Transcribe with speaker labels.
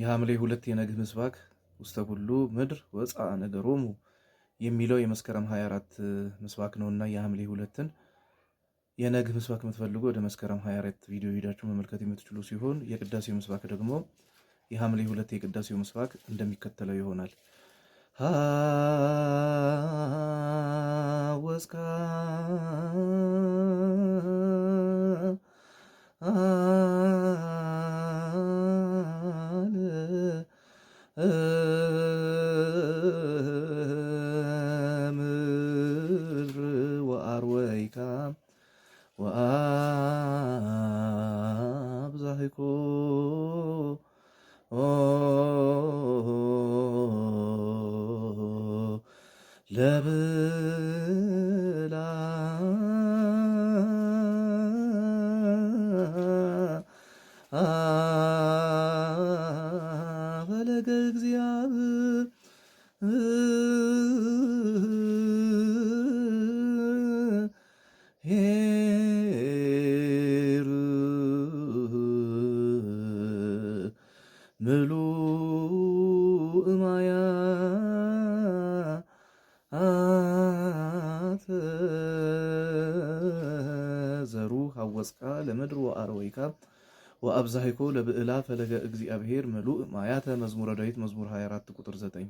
Speaker 1: የሐምሌ ሁለት የነግህ ምስባክ ውስተ ሁሉ ምድር ወፃ ነገሮሙ የሚለው የመስከረም 24 ምስባክ እና የሐምሌ ሁለትን የነግህ ምስባክ የምትፈልጉ ወደ መስከረም 24 ቪዲዮ ሄዳችሁ መመልከት የምትችሉ ሲሆን የቅዳሴው ምስባክ ደግሞ የሐምሌ ሁለት የቅዳሴው ምስባክ እንደሚከተለው ይሆናል። ወስካ السلام لبلا ለብላ ፈለገ እግዚአብሔር ኄር ምሉእ ማያተ ዘሩ ሀወፅካ ለምድር ወአረወይካ ወአብዛሂኮ ለብዕላ ፈለገ እግዚአብሔር ምሉእ ማያተ መዝሙረ ዳዊት መዝሙር 24 ቁጥር 9